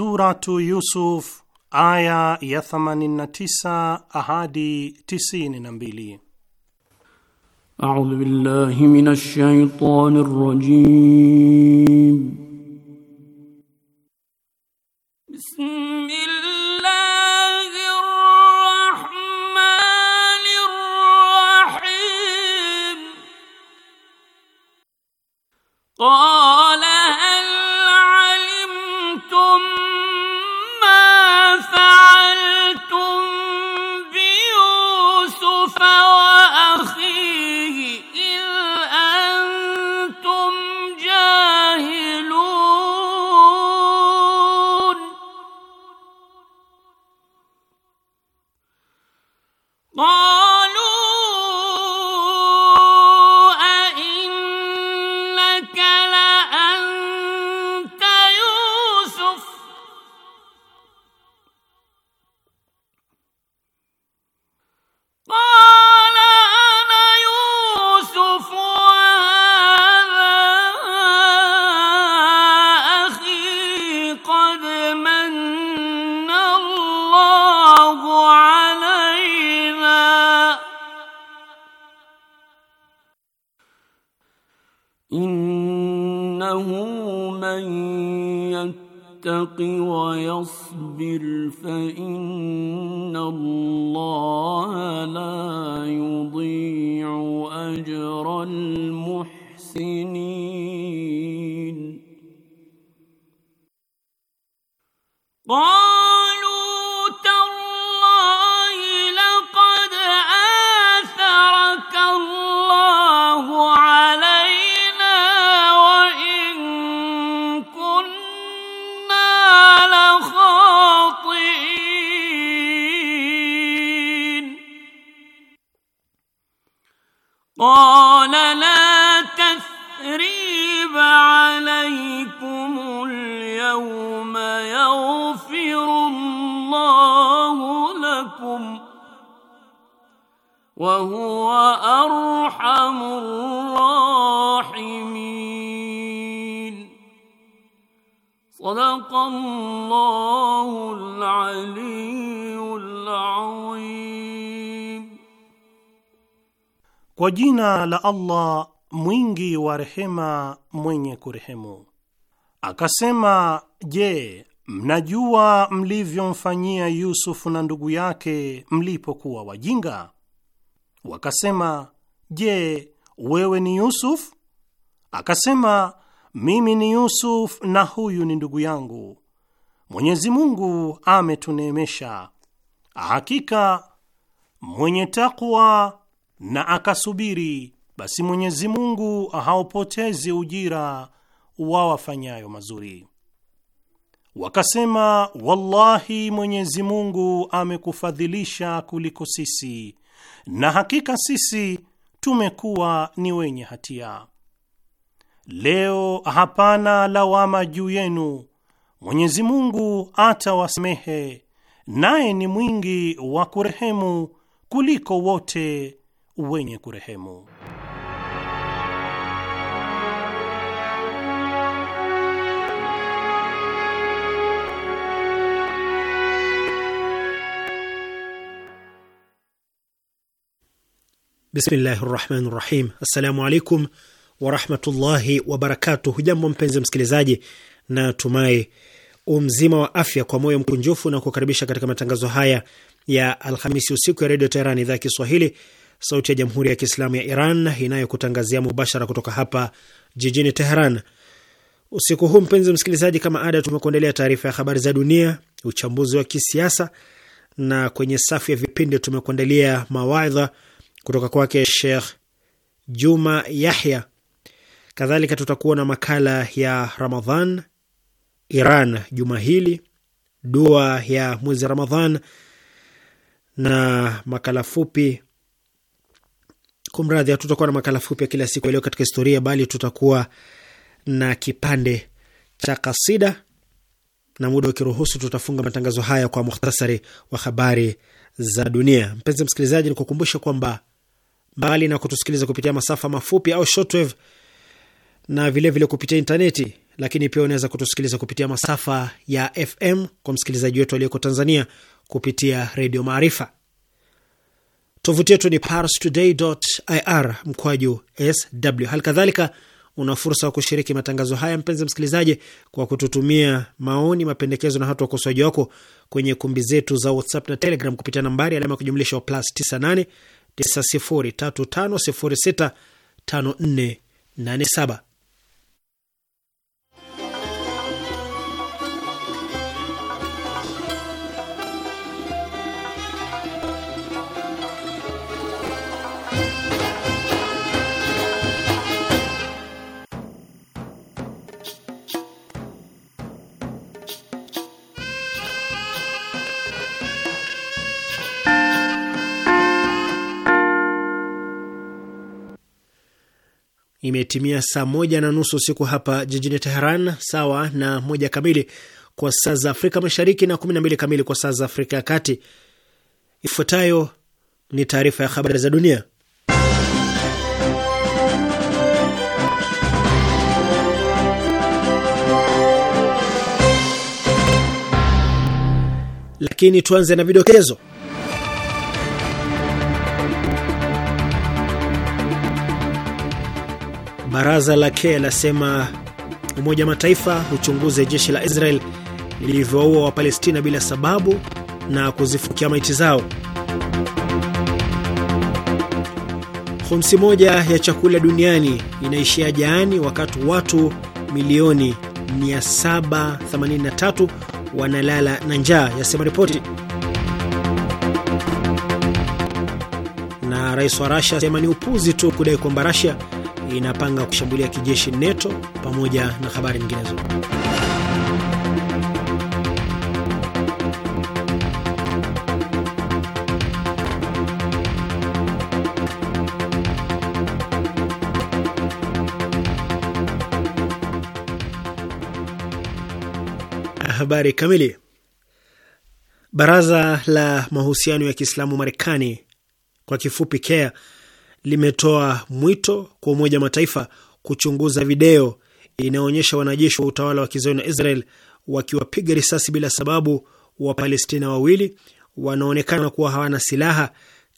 Suratu Yusuf aya ya 89 ahadi 92. A'udhu billahi minash shaitanir rajim. Bismillah Oh إنه من يتق ويصبر فإن الله لا يضيع أجر المحسنين. wa huwa arhamur rahimin aliyyul azim Kwa jina la Allah mwingi wa rehema mwenye kurehemu Akasema, je, mnajua mlivyomfanyia Yusufu na ndugu yake mlipokuwa wajinga? Wakasema, Je, wewe ni Yusuf? Akasema, mimi ni Yusuf na huyu ni ndugu yangu. Mwenyezi Mungu ametuneemesha. Hakika mwenye takwa na akasubiri, basi Mwenyezi Mungu haupotezi ujira wa wafanyayo mazuri. Wakasema, wallahi Mwenyezi Mungu amekufadhilisha kuliko sisi na hakika sisi tumekuwa ni wenye hatia. Leo hapana lawama juu yenu, Mwenyezi Mungu atawasamehe, naye ni mwingi wa kurehemu kuliko wote wenye kurehemu. Bismillahi rahmani rahim. Assalamu alaikum warahmatullahi wabarakatuh. Hujambo mpenzi msikilizaji, na tumai umzima wa afya. Kwa moyo mkunjufu na kukaribisha katika matangazo haya ya Alhamisi usiku ya Redio Teheran, idhaa ya Kiswahili, sauti ya Jamhuri ya Kiislamu ya Iran inayokutangazia mubashara kutoka hapa jijini Teheran. Usiku huu mpenzi msikilizaji, kama ada, tumekuendelea taarifa ya habari za dunia, uchambuzi wa kisiasa, na kwenye safu ya vipindi tumekuandalia mawaidha kutoka kwake Sheikh Juma Yahya. Kadhalika tutakuwa na makala ya Ramadhan Iran juma hili, dua ya mwezi Ramadhan na makala fupi Kumradhi, hatutakuwa na makala fupi ya kila siku yaliyo katika historia, bali tutakuwa na kipande cha kasida, na muda ukiruhusu, tutafunga matangazo haya kwa muhtasari wa habari za dunia. Mpenzi msikilizaji, ni kukumbusha kwamba mbali na kutusikiliza kupitia masafa mafupi au shortwave na vilevile vile kupitia intaneti, lakini pia unaweza kutusikiliza kupitia masafa ya FM kwa msikilizaji wetu aliyeko Tanzania kupitia Redio Maarifa. Tovuti yetu ni parstoday.ir mkwaju sw. Hali kadhalika una fursa wa kushiriki matangazo haya, mpenzi msikilizaji, kwa kututumia maoni, mapendekezo na hata ukosoaji wako kwenye kumbi zetu za WhatsApp na Telegram kupitia nambari alama ya kujumlisha plus 98 tisa tano tano sita 903 nane saba Imetimia saa moja na nusu usiku hapa jijini Teheran, sawa na moja kamili kwa saa za Afrika Mashariki na mbili kamili kwa saa za Afrika ya Kati. Ifuatayo ni taarifa ya habari za dunia, lakini tuanze na vidokezo. Baraza la ke lasema Umoja wa Mataifa uchunguze jeshi la Israel lilivyoua Wapalestina bila sababu na kuzifukia maiti zao. Homsi moja ya chakula duniani inaishia jaani, wakati watu milioni 783 wanalala na njaa, yasema ripoti. Na rais wa Rasia asema ni upuzi tu kudai kwamba Rasia inapanga kushambulia kijeshi NATO pamoja na habari nyinginezo. Habari kamili. Baraza la mahusiano ya Kiislamu Marekani, kwa kifupi KEA limetoa mwito kwa Umoja wa Mataifa kuchunguza video inayoonyesha wanajeshi wa utawala wa kizayuni na Israel wakiwapiga risasi bila sababu Wapalestina wawili wanaonekana kuwa hawana silaha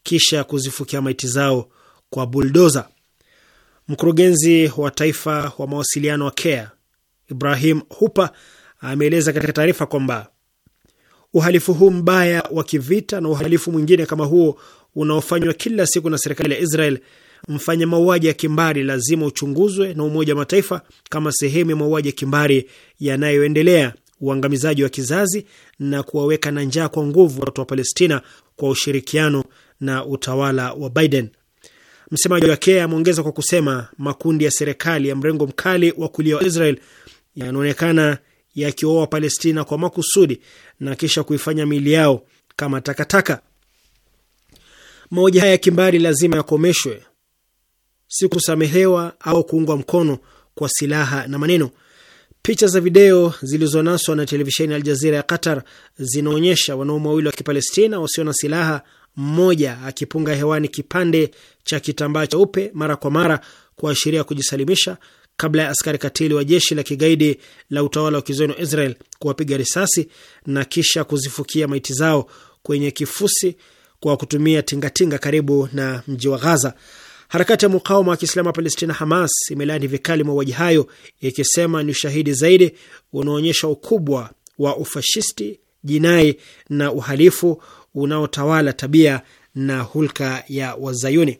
kisha kuzifukia maiti zao kwa buldoza. Mkurugenzi wa taifa wa mawasiliano wa Kea Ibrahim Hupa ameeleza katika taarifa kwamba uhalifu huu mbaya wa kivita na uhalifu mwingine kama huo unaofanywa kila siku na serikali ya Israel, mfanya mauaji ya kimbari lazima uchunguzwe na Umoja wa Mataifa kama sehemu ya mauaji ya kimbari yanayoendelea, uangamizaji wa kizazi na kuwaweka na njaa kwa nguvu watu wa Palestina kwa ushirikiano na utawala wa Biden. Msemaji KEA ameongeza kwa kusema makundi ya serikali ya mrengo mkali wa kulia wa Israel yanaonekana yakioa Palestina kwa makusudi na kisha kuifanya mili yao kama takataka moja haya ya kimbari lazima yakomeshwe, si kusamehewa au kuungwa mkono kwa silaha na maneno. Picha za video zilizonaswa na televisheni Al Jazira ya Qatar zinaonyesha wanaume wawili wa Kipalestina wasio na silaha, mmoja akipunga hewani kipande cha kitambaa cheupe mara kwa mara kuashiria kujisalimisha, kabla ya askari katili wa jeshi la kigaidi la utawala wa kizoni wa Israel kuwapiga risasi na kisha kuzifukia maiti zao kwenye kifusi kwa kutumia tingatinga karibu na mji wa Ghaza. Harakati ya mukawama wa Kiislamu wa Palestina, Hamas, imelaani vikali mauaji hayo, ikisema ni ushahidi zaidi unaonyesha ukubwa wa ufashisti, jinai na uhalifu unaotawala tabia na hulka ya Wazayuni.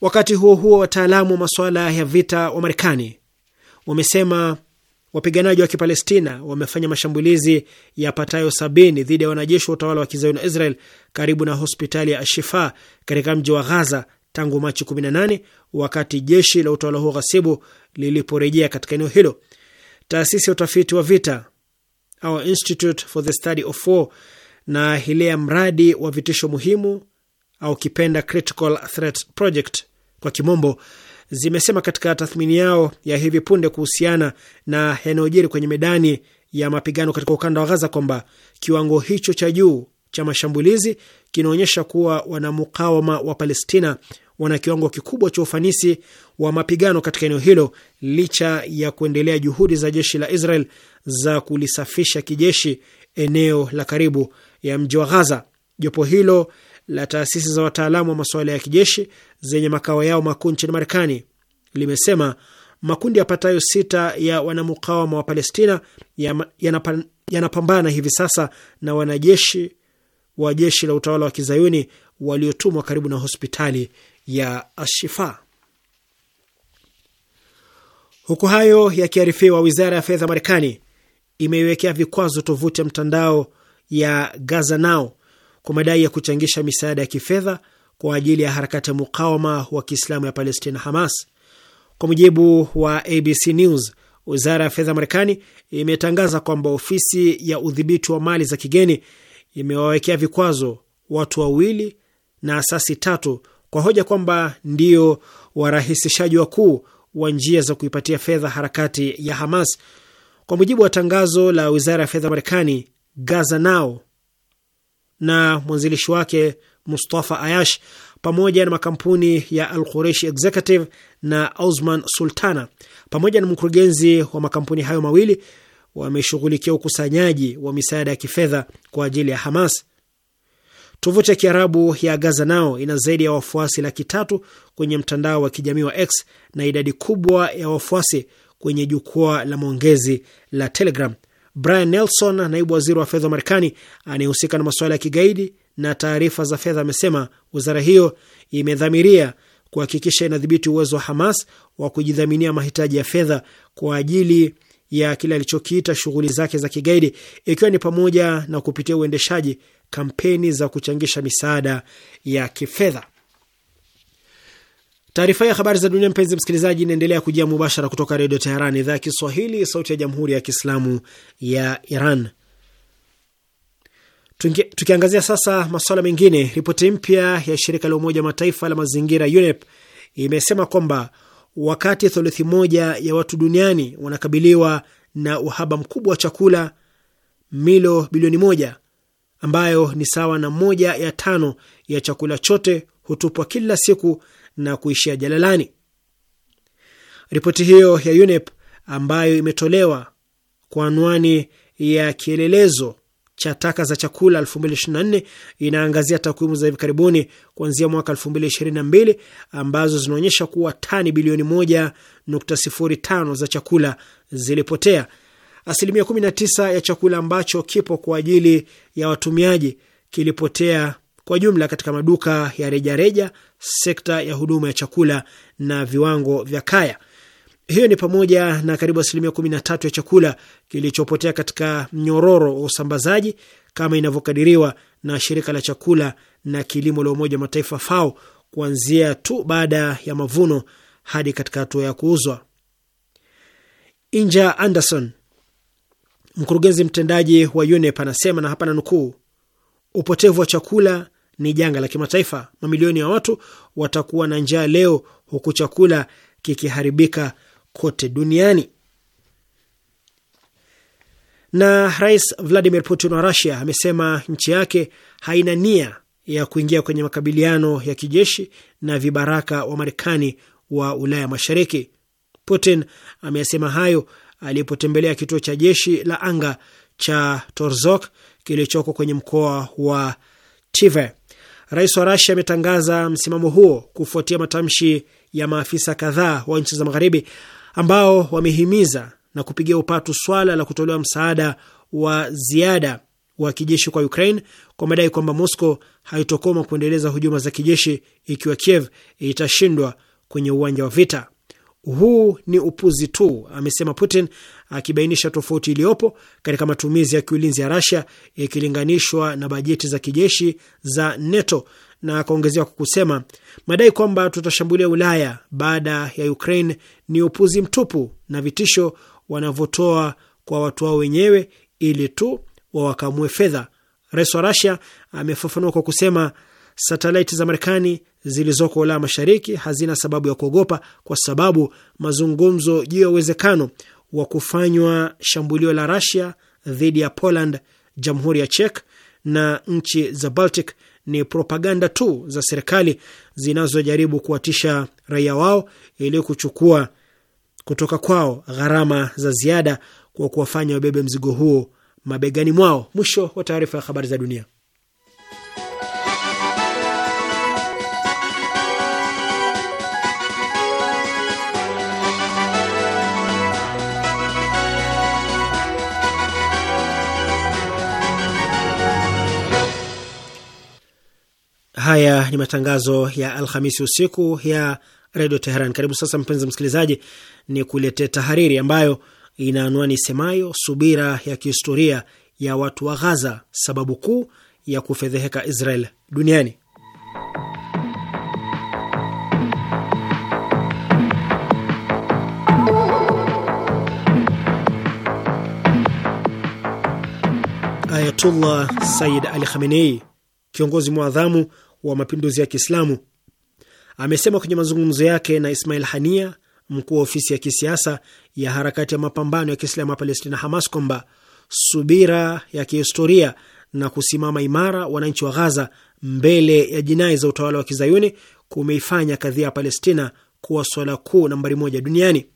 Wakati huo huo, wataalamu wa masuala ya vita wa Marekani wamesema Wapiganaji wa Kipalestina wamefanya mashambulizi ya patayo sabini dhidi ya wanajeshi wa utawala wa kizayuni wa Israel karibu na hospitali ya Ashifa katika mji wa Ghaza tangu Machi 18 wakati jeshi la utawala huo ghasibu liliporejea katika eneo hilo. Taasisi ya utafiti wa vita au Institute for the Study of War na hilea mradi wa vitisho muhimu au kipenda Critical Threat Project kwa kimombo zimesema katika tathmini yao ya hivi punde kuhusiana na yanayojiri kwenye medani ya mapigano katika ukanda wa Gaza kwamba kiwango hicho cha juu cha mashambulizi kinaonyesha kuwa wanamukawama wa Palestina wana kiwango kikubwa cha ufanisi wa mapigano katika eneo hilo licha ya kuendelea juhudi za jeshi la Israel za kulisafisha kijeshi eneo la karibu ya mji wa Gaza. Jopo hilo la taasisi za wataalamu wa masuala ya kijeshi zenye makao yao makuu nchini Marekani limesema makundi yapatayo sita ya wanamukawama wa Palestina yanapambana ya hivi sasa na wanajeshi wa jeshi la utawala wa kizayuni waliotumwa karibu na hospitali ya Ashifa. Huku hayo yakiarifiwa, wizara ya fedha Marekani imeiwekea vikwazo tovuti ya mtandao ya Gaza Now kwa madai ya kuchangisha misaada ya kifedha kwa ajili ya harakati ya mukawama wa Kiislamu ya Palestina, Hamas. Kwa mujibu wa ABC News, wizara ya fedha Marekani imetangaza kwamba ofisi ya udhibiti wa mali za kigeni imewawekea vikwazo watu wawili na asasi tatu kwa hoja kwamba ndio warahisishaji wakuu wa njia za kuipatia fedha harakati ya Hamas. Kwa mujibu wa tangazo la wizara ya fedha Marekani, Gaza Now na mwanzilishi wake Mustafa Ayash pamoja na makampuni ya Al Qureshi Executive na Osman Sultana pamoja na mkurugenzi wa makampuni hayo mawili wameshughulikia ukusanyaji wa misaada ya kifedha kwa ajili ya Hamas. Tovuti ya Kiarabu ya Gaza nao ina zaidi ya wafuasi laki tatu kwenye mtandao wa kijamii wa X na idadi kubwa ya wafuasi kwenye jukwaa la maongezi la Telegram. Brian Nelson, naibu waziri wa fedha wa Marekani anayehusika na masuala ya kigaidi na taarifa za fedha, amesema wizara hiyo imedhamiria kuhakikisha inadhibiti uwezo wa Hamas wa kujidhaminia mahitaji ya fedha kwa ajili ya kile alichokiita shughuli zake za kigaidi, ikiwa ni pamoja na kupitia uendeshaji kampeni za kuchangisha misaada ya kifedha. Taarifa ya habari za dunia, mpenzi msikilizaji, inaendelea kujia mubashara kutoka Redio Teheran, idhaa ya Kiswahili, sauti ya jamhuri ya kiislamu ya Iran. Tukiangazia sasa masuala mengine, ripoti mpya ya shirika la Umoja Mataifa la mazingira UNEP imesema kwamba wakati thuluthi moja ya watu duniani wanakabiliwa na uhaba mkubwa wa chakula, milo bilioni moja ambayo ni sawa na moja ya tano ya chakula chote hutupwa kila siku na kuishia jalalani. Ripoti hiyo ya UNEP ambayo imetolewa kwa anwani ya kielelezo cha taka za chakula 2024 inaangazia takwimu za hivi karibuni kuanzia mwaka 2022 ambazo zinaonyesha kuwa tani bilioni 1.05 za chakula zilipotea. Asilimia 19 ya chakula ambacho kipo kwa ajili ya watumiaji kilipotea kwa jumla katika maduka ya rejareja reja, sekta ya huduma ya chakula na viwango vya kaya. Hiyo ni pamoja na karibu asilimia kumi na tatu ya chakula kilichopotea katika mnyororo wa usambazaji kama inavyokadiriwa na shirika la chakula na kilimo la Umoja wa Mataifa FAO kuanzia tu baada ya mavuno hadi katika hatua ya kuuzwa. Inja Anderson, mkurugenzi mtendaji wa UNEP, anasema na hapa nukuu upotevu wa chakula ni janga la kimataifa. Mamilioni ya watu watakuwa na njaa leo, huku chakula kikiharibika kote duniani. Na Rais Vladimir Putin wa Russia amesema nchi yake haina nia ya kuingia kwenye makabiliano ya kijeshi na vibaraka wa Marekani wa Ulaya Mashariki. Putin ameyasema hayo alipotembelea kituo cha jeshi la anga cha torzok kilichoko kwenye mkoa wa Tive. Rais wa Rasia ametangaza msimamo huo kufuatia matamshi ya maafisa kadhaa wa nchi za Magharibi ambao wamehimiza na kupigia upatu swala la kutolewa msaada wa ziada wa kijeshi kwa Ukraine kwa madai kwamba Moscow haitokoma kuendeleza hujuma za kijeshi ikiwa Kiev itashindwa kwenye uwanja wa vita. Huu ni upuzi tu, amesema Putin akibainisha tofauti iliyopo katika matumizi ya kiulinzi ya Rasia ikilinganishwa na bajeti za kijeshi za NATO na akaongezea kwa kusema madai kwamba tutashambulia Ulaya baada ya Ukraine ni upuzi mtupu na vitisho wanavyotoa kwa watu wao wenyewe ili tu wawakamue fedha. Rais wa Rasia amefafanua kwa kusema satelaiti za Marekani zilizoko Ulaya Mashariki hazina sababu ya kuogopa, kwa sababu mazungumzo juu ya uwezekano wa kufanywa shambulio la rasia dhidi ya Poland, Jamhuri ya Czech na nchi za Baltic ni propaganda tu za serikali zinazojaribu kuwatisha raia wao ili kuchukua kutoka kwao gharama za ziada kwa kuwafanya wabebe mzigo huo mabegani mwao. Mwisho wa taarifa ya habari za dunia. Haya ni matangazo ya Alhamisi usiku ya redio Teheran. Karibu sasa, mpenzi msikilizaji, ni kuletea tahariri ambayo ina anwani semayo subira ya kihistoria ya watu wa Ghaza, sababu kuu ya kufedheheka Israel duniani. Ayatullah Sayyid Ali Khamenei, kiongozi mwadhamu wa mapinduzi ya Kiislamu amesema kwenye mazungumzo yake na Ismail Hania, mkuu wa ofisi ya kisiasa ya harakati ya mapambano ya Kiislamu ya Palestina, Hamas, kwamba subira ya kihistoria na kusimama imara wananchi wa Ghaza mbele ya jinai za utawala wa kizayuni kumeifanya kadhia ya Palestina kuwa swala kuu nambari moja duniani.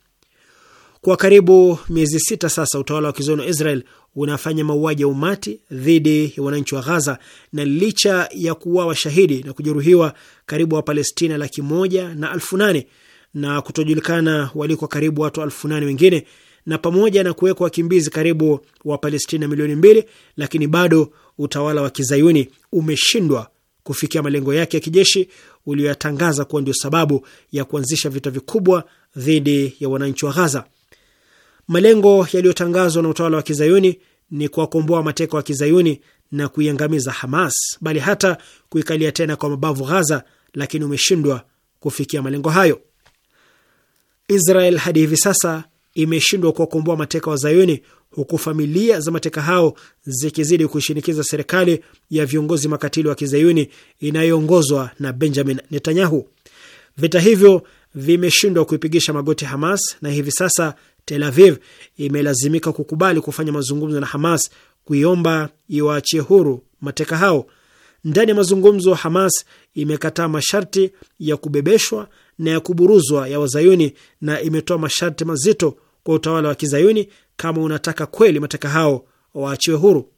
Kwa karibu miezi sita sasa, utawala wa kizayuni wa Israel unafanya mauaji ya umati dhidi ya wananchi wa Ghaza, na licha ya kuwa washahidi na kujeruhiwa karibu Wapalestina laki moja na alfu nane na kutojulikana waliko karibu watu alfu nane wengine na pamoja na kuwekwa wakimbizi karibu Wapalestina milioni mbili, lakini bado utawala wa kizayuni umeshindwa kufikia malengo yake ya kijeshi uliyoyatangaza kuwa ndio sababu ya kuanzisha vita vikubwa dhidi ya wananchi wa Ghaza. Malengo yaliyotangazwa na utawala wa kizayuni ni kuwakomboa mateka wa kizayuni na kuiangamiza Hamas, bali hata kuikalia tena kwa mabavu Ghaza, lakini umeshindwa kufikia malengo hayo. Israel hadi hivi sasa imeshindwa kuwakomboa mateka wa Zayuni, huku familia za mateka hao zikizidi kuishinikiza serikali ya viongozi makatili wa kizayuni inayoongozwa na Benjamin Netanyahu. Vita hivyo vimeshindwa kuipigisha magoti Hamas na hivi sasa Tel Aviv imelazimika kukubali kufanya mazungumzo na Hamas kuiomba iwaachie huru mateka hao. Ndani ya mazungumzo, Hamas imekataa masharti ya kubebeshwa na ya kuburuzwa ya Wazayuni na imetoa masharti mazito kwa utawala wa Kizayuni kama unataka kweli mateka hao waachiwe huru.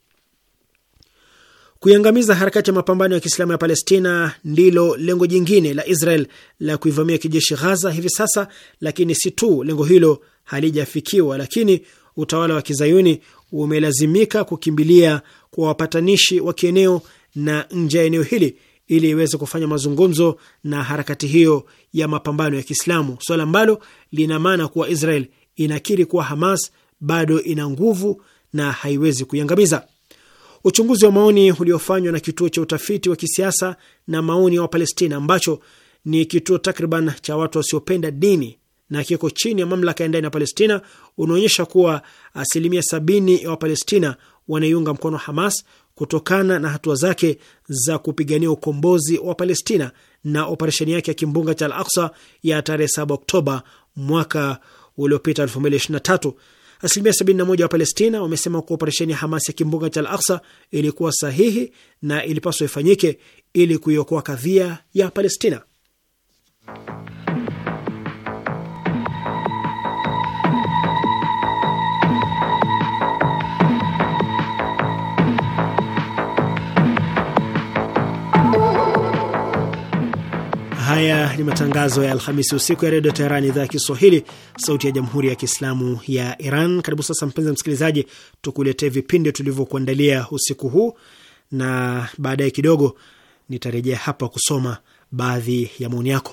Kuiangamiza harakati ya mapambano ya Kiislamu ya Palestina ndilo lengo jingine la Israel la kuivamia kijeshi Ghaza hivi sasa, lakini si tu lengo hilo halijafikiwa, lakini utawala wa kizayuni umelazimika kukimbilia kwa wapatanishi wa kieneo na nje ya eneo hili ili iweze kufanya mazungumzo na harakati hiyo ya mapambano ya Kiislamu, swala ambalo lina maana kuwa Israel inakiri kuwa Hamas bado ina nguvu na haiwezi kuiangamiza. Uchunguzi wa maoni uliofanywa na kituo cha utafiti wa kisiasa na maoni ya Wapalestina ambacho ni kituo takriban cha watu wasiopenda dini na kiko chini ya mamlaka ya ndani ya Palestina unaonyesha kuwa asilimia sabini ya Wapalestina wanaiunga mkono Hamas kutokana na hatua zake za kupigania ukombozi wa Palestina na operesheni yake ya kimbunga cha Al Aksa ya tarehe 7 Oktoba mwaka uliopita 2023. Asilimia 71 wa Palestina wamesema kuwa operesheni ya Hamas ya kimbunga cha Al Aksa ilikuwa sahihi na ilipaswa ifanyike ili kuiokoa kadhia ya Palestina. Haya ni matangazo ya Alhamisi usiku ya redio Teherani, idhaa ya Kiswahili, sauti ya jamhuri ya kiislamu ya Iran. Karibu sasa, mpenzi msikilizaji, tukuletee vipindi tulivyokuandalia usiku huu, na baadaye kidogo nitarejea hapa kusoma baadhi ya maoni yako.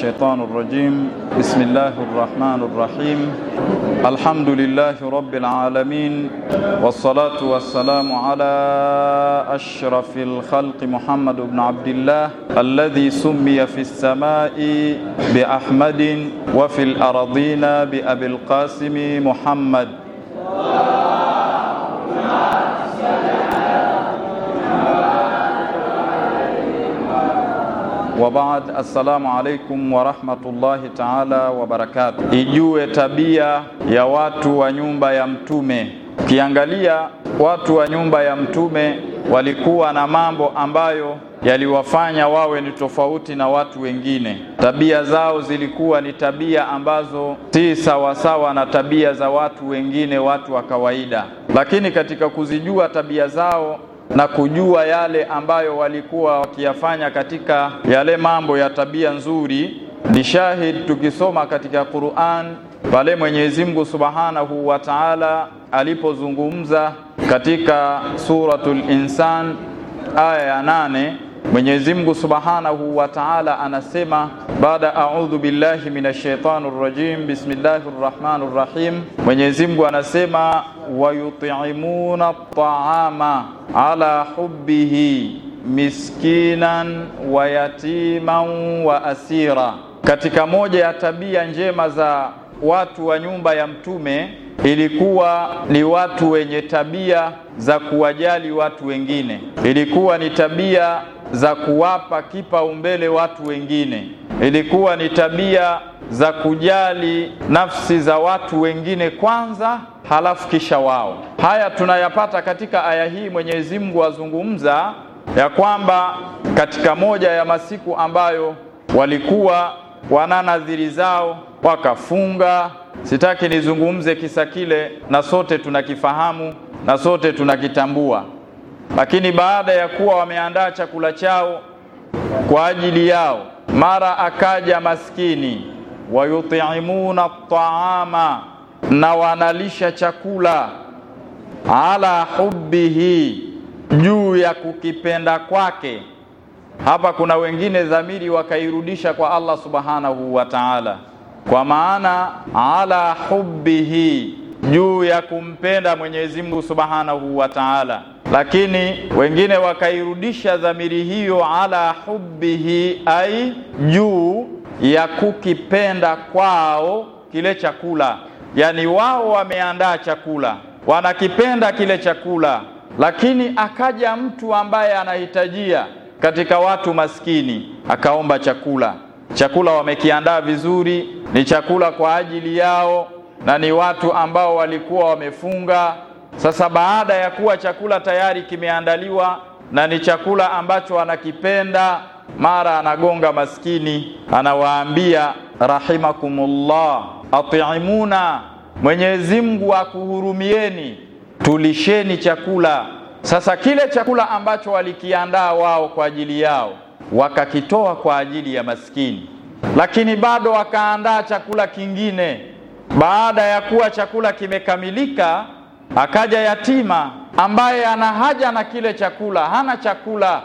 الشيطان الرجيم بسم الله الرحمن الرحيم الحمد لله رب العالمين والصلاة والسلام على أشرف الخلق محمد بن عبد الله الذي سمي في السماء بأحمد وفي الأرضين بأبي القاسم محمد baad, assalamu alaikum warahmatullahi taala wabarakatuh. Ijue tabia ya watu wa nyumba ya Mtume. Ukiangalia watu wa nyumba ya Mtume walikuwa na mambo ambayo yaliwafanya wawe ni tofauti na watu wengine. Tabia zao zilikuwa ni tabia ambazo si sawasawa na tabia za watu wengine, watu wa kawaida. Lakini katika kuzijua tabia zao na kujua yale ambayo walikuwa wakiyafanya katika yale mambo ya tabia nzuri. Ni shahid tukisoma katika Qur'an pale Mwenyezi Mungu Subhanahu wa Ta'ala alipozungumza katika suratul Insan aya ya nane Mwenyezi Mungu Subhanahu wa Ta'ala anasema baada a'udhu billahi minash shaitani rajim bismillahir rahmanir rahim. Mwenyezi Mungu anasema wayut'imuna yut'imuna taama ala hubbihi miskinan wa yatiman wa asira. Katika moja ya tabia njema za watu wa nyumba ya Mtume ilikuwa ni watu wenye tabia za kuwajali watu wengine, ilikuwa ni tabia za kuwapa kipaumbele watu wengine, ilikuwa ni tabia za kujali nafsi za watu wengine kwanza, halafu kisha wao. Haya tunayapata katika aya hii. Mwenyezi Mungu azungumza ya kwamba katika moja ya masiku ambayo walikuwa wana nadhiri zao wakafunga. Sitaki nizungumze kisa kile, na sote tunakifahamu na sote tunakitambua lakini baada ya kuwa wameandaa chakula chao kwa ajili yao, mara akaja maskini. Wayutimuna taama, na wanalisha chakula ala hubbihi, juu ya kukipenda kwake. Hapa kuna wengine dhamiri wakairudisha kwa Allah subhanahu wa ta'ala, kwa maana ala hubbihi, juu ya kumpenda Mwenyezi Mungu subhanahu wa ta'ala lakini wengine wakairudisha dhamiri hiyo ala hubbihi, ai juu ya kukipenda kwao kile chakula. Yani wao wameandaa chakula, wanakipenda kile chakula, lakini akaja mtu ambaye anahitajia katika watu maskini, akaomba chakula. Chakula wamekiandaa vizuri, ni chakula kwa ajili yao, na ni watu ambao walikuwa wamefunga sasa baada ya kuwa chakula tayari kimeandaliwa na ni chakula ambacho anakipenda, mara anagonga maskini, anawaambia rahimakumullah, atimuna, Mwenyezi Mungu akuhurumieni, tulisheni chakula. Sasa kile chakula ambacho walikiandaa wao kwa ajili yao wakakitoa kwa ajili ya maskini, lakini bado wakaandaa chakula kingine. Baada ya kuwa chakula kimekamilika akaja yatima ambaye ana haja na kile chakula, hana chakula,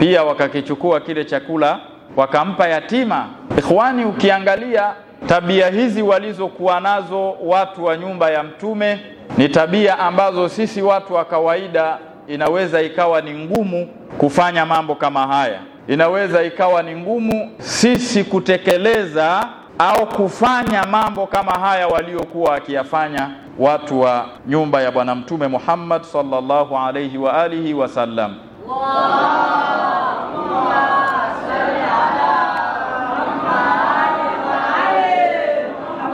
pia wakakichukua kile chakula wakampa yatima. Ikhwani, ukiangalia tabia hizi walizokuwa nazo watu wa nyumba ya Mtume ni tabia ambazo sisi watu wa kawaida inaweza ikawa ni ngumu kufanya mambo kama haya, inaweza ikawa ni ngumu sisi kutekeleza au kufanya mambo kama haya waliokuwa wakiyafanya watu wa nyumba ya Bwana Mtume Muhammad sallallahu alayhi wa alihi wasallam.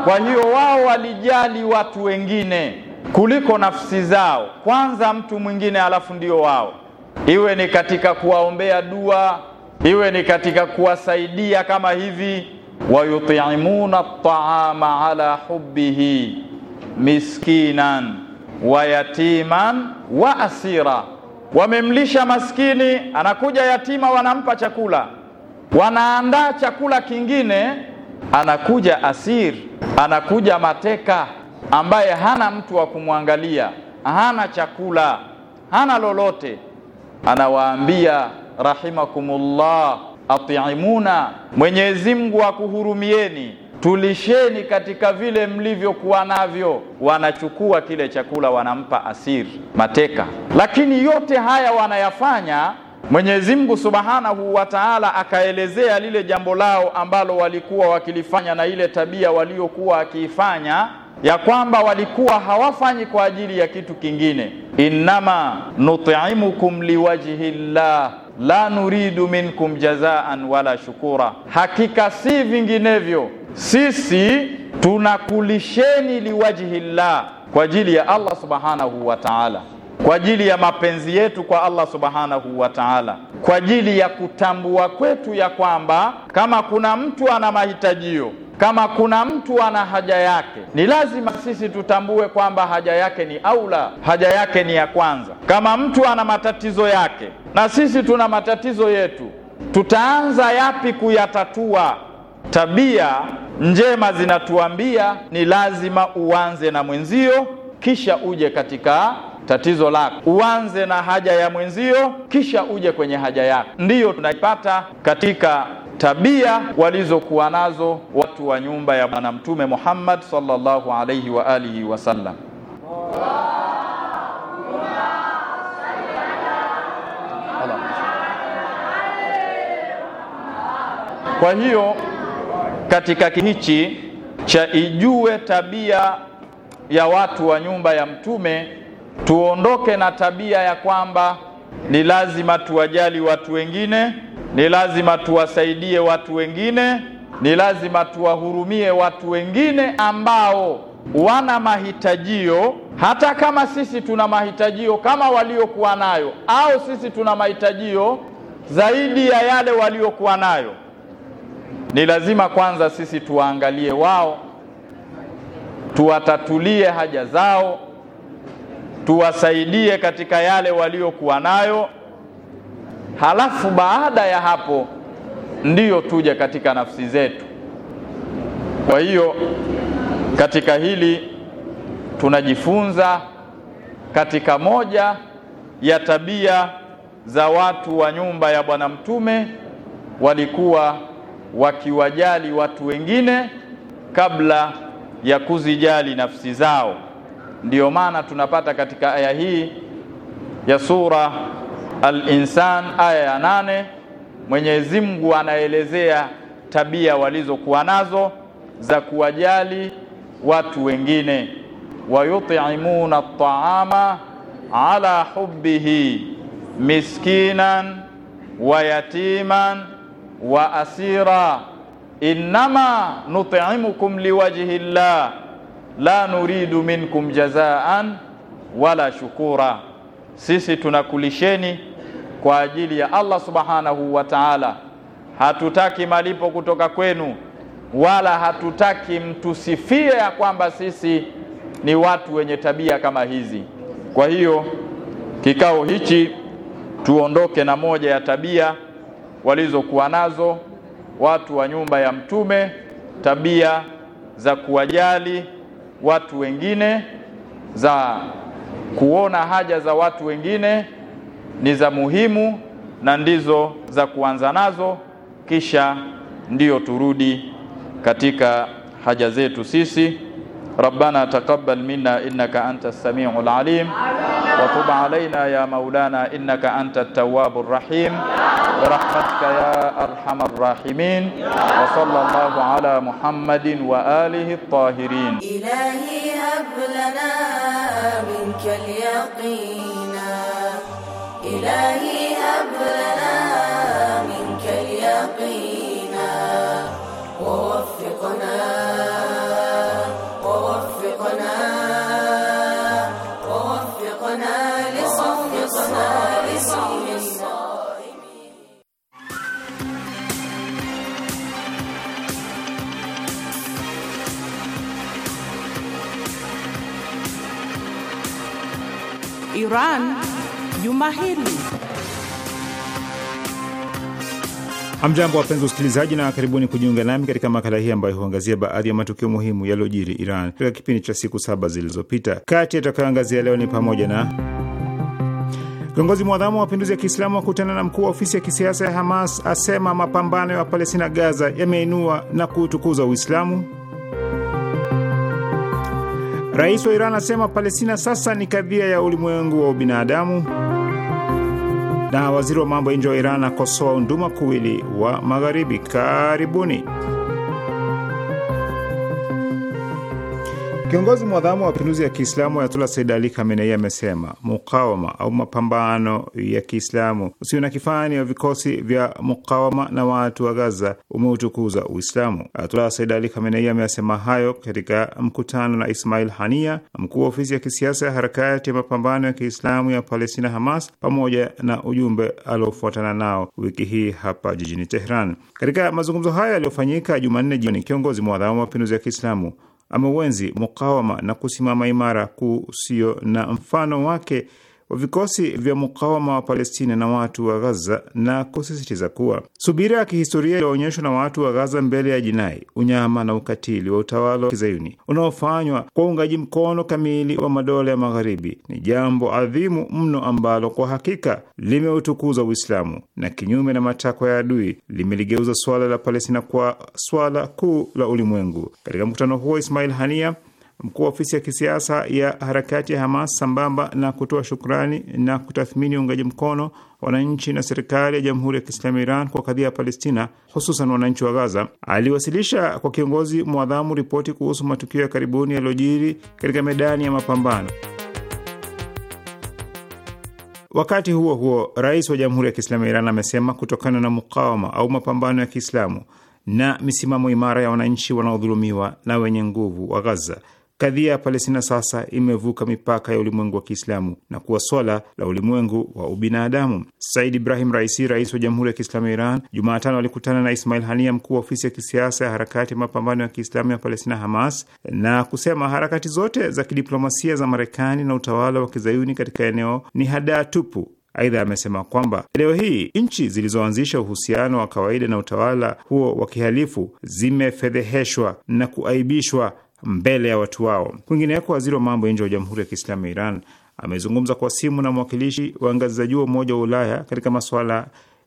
Kwa hiyo wao walijali watu wengine kuliko nafsi zao, kwanza mtu mwingine, alafu ndio wao, iwe ni katika kuwaombea dua, iwe ni katika kuwasaidia kama hivi ويطعمون ltaama ala hubbihi miskinan wa yatiman wa asira. Wamemlisha maskini, anakuja yatima, wanampa chakula, wanaandaa chakula kingine, anakuja asir, anakuja mateka ambaye hana mtu wa kumwangalia, hana chakula, hana lolote, anawaambia rahimakumullah atimuna, Mwenyezi Mungu akuhurumieni, tulisheni katika vile mlivyokuwa navyo. Wanachukua kile chakula wanampa asiri mateka, lakini yote haya wanayafanya Mwenyezi Mungu Subhanahu wa Ta'ala akaelezea lile jambo lao ambalo walikuwa wakilifanya na ile tabia waliokuwa wakiifanya ya kwamba walikuwa hawafanyi kwa ajili ya kitu kingine, innama nutimukum liwajhi llah la nuridu minkum jazaan wala shukura, hakika si vinginevyo sisi tunakulisheni liwajhi llah, kwa ajili ya Allah subhanahu wa ta'ala kwa ajili ya mapenzi yetu kwa Allah subhanahu wa ta'ala, kwa ajili ya kutambua kwetu ya kwamba kama kuna mtu ana mahitajio, kama kuna mtu ana haja yake, ni lazima sisi tutambue kwamba haja yake ni aula, haja yake ni ya kwanza. Kama mtu ana matatizo yake na sisi tuna matatizo yetu, tutaanza yapi kuyatatua? Tabia njema zinatuambia ni lazima uanze na mwenzio, kisha uje katika tatizo lako, uanze na haja ya mwenzio, kisha uje kwenye haja yako. Ndiyo tunaipata katika tabia walizokuwa nazo watu wa nyumba ya Bwana Mtume Muhammad sallallahu alayhi wa alihi wasallam. Kwa hiyo katika kihichi cha ijue tabia ya watu wa nyumba ya Mtume tuondoke na tabia ya kwamba ni lazima tuwajali watu wengine, ni lazima tuwasaidie watu wengine, ni lazima tuwahurumie watu wengine ambao wana mahitajio, hata kama sisi tuna mahitajio kama waliokuwa nayo, au sisi tuna mahitajio zaidi ya yale waliokuwa nayo. Ni lazima kwanza sisi tuwaangalie wao, tuwatatulie haja zao tuwasaidie katika yale waliokuwa nayo, halafu baada ya hapo ndiyo tuje katika nafsi zetu. Kwa hiyo katika hili tunajifunza katika moja ya tabia za watu wa nyumba ya Bwana Mtume, walikuwa wakiwajali watu wengine kabla ya kuzijali nafsi zao. Ndiyo maana tunapata katika aya hii ya sura Al-Insan aya ya nane, Mwenyezi Mungu anaelezea tabia walizokuwa nazo za kuwajali watu wengine. Wayutimuna taama ala hubbihi miskinan wa yatiman wa asira innama nut'imukum liwajhi llah la nuridu minkum jazaan wala shukura, sisi tunakulisheni kwa ajili ya Allah subhanahu wa ta'ala, hatutaki malipo kutoka kwenu wala hatutaki mtusifie ya kwamba sisi ni watu wenye tabia kama hizi. Kwa hiyo kikao hichi tuondoke na moja ya tabia walizokuwa nazo watu wa nyumba ya Mtume, tabia za kuwajali watu wengine, za kuona haja za watu wengine ni za muhimu na ndizo za kuanza nazo, kisha ndiyo turudi katika haja zetu sisi. ربنا تقبل منا إنك أنت السميع العليم وتب علينا يا مولانا إنك أنت التواب الرحيم برحمتك يا أرحم الراحمين وصلى الله على محمد وآله الطاهرين إلهي هب لنا منك اليقين إلهي هب لنا منك اليقين Iran juma hili. Hamjambo, wapenzi usikilizaji, na karibuni kujiunga nami katika makala hii ambayo huangazia baadhi ya matukio muhimu yaliyojiri Iran katika kipindi cha siku saba zilizopita. Kati yatakayoangazia leo ni pamoja na Kiongozi mwadhamu wa mapinduzi ya Kiislamu wakutana na mkuu wa ofisi ya kisiasa ya Hamas asema mapambano ya Palestina Gaza yameinua na kuutukuza Uislamu. Rais wa Iran anasema Palestina sasa ni kadhia ya ulimwengu wa ubinadamu, na waziri wa mambo ya nje wa Iran akosoa unduma kuwili wa Magharibi. Karibuni. Kiongozi mwadhamu wa mapinduzi ya Kiislamu Ayatullah Said Ali Khamenei amesema mukawama au mapambano ya Kiislamu usio na kifani wa vikosi vya mukawama na watu wa Gaza umeutukuza Uislamu. Ayatullah Said Ali Khamenei ameyasema hayo katika mkutano na Ismail Hania, mkuu wa ofisi ya kisiasa ya harakati ya mapambano ya Kiislamu ya Palestina, Hamas, pamoja na ujumbe aliofuatana nao wiki hii hapa jijini Tehran. Katika mazungumzo hayo yaliyofanyika Jumanne jioni, kiongozi mwadhamu wa mapinduzi ya Kiislamu ameuenzi mukawama na kusimama imara kusio na mfano wake wa vikosi vya mukawama wa Palestina na watu wa gaza na kusisitiza kuwa subira ya kihistoria iliyoonyeshwa na watu wa Ghaza mbele ya jinai, unyama na ukatili wa utawala wa kizayuni unaofanywa kwa uungaji mkono kamili wa madola ya Magharibi ni jambo adhimu mno ambalo kwa hakika limeutukuza Uislamu na kinyume na matakwa ya adui limeligeuza swala la Palestina kwa swala kuu la ulimwengu. Katika mkutano huo Ismail Hania mkuu wa ofisi ya kisiasa ya harakati ya Hamas sambamba na kutoa shukrani na kutathmini uungaji mkono wananchi na serikali ya Jamhuri ya Kiislamu ya Iran kwa kadhia ya Palestina, hususan wananchi wa Gaza, aliwasilisha kwa kiongozi mwadhamu ripoti kuhusu matukio ya karibuni yaliyojiri katika medani ya mapambano. Wakati huo huo, rais wa Jamhuri ya Kiislamu ya Iran amesema kutokana na mukawama au mapambano ya Kiislamu na misimamo imara ya wananchi wanaodhulumiwa na wenye nguvu wa Gaza Kadhia ya Palestina sasa imevuka mipaka ya ulimwengu wa Kiislamu na kuwa swala la ulimwengu wa ubinadamu. Said Ibrahim Raisi, rais wa Jamhuri ya Kiislamu ya Iran, Jumatano alikutana na Ismail Hania, mkuu wa ofisi ya kisiasa ya harakati ya mapambano ya Kiislamu ya Palestina, Hamas, na kusema harakati zote za kidiplomasia za Marekani na utawala wa kizayuni katika eneo ni hadaa tupu. Aidha, amesema kwamba leo hii nchi zilizoanzisha uhusiano wa kawaida na utawala huo wa kihalifu zimefedheheshwa na kuaibishwa mbele ya watu wao. Kwingineko, waziri wa mambo ya nje wa Jamhuri ya Kiislamu ya Iran amezungumza kwa simu na mwakilishi wa ngazi za juu wa Umoja wa Ulaya katika masuala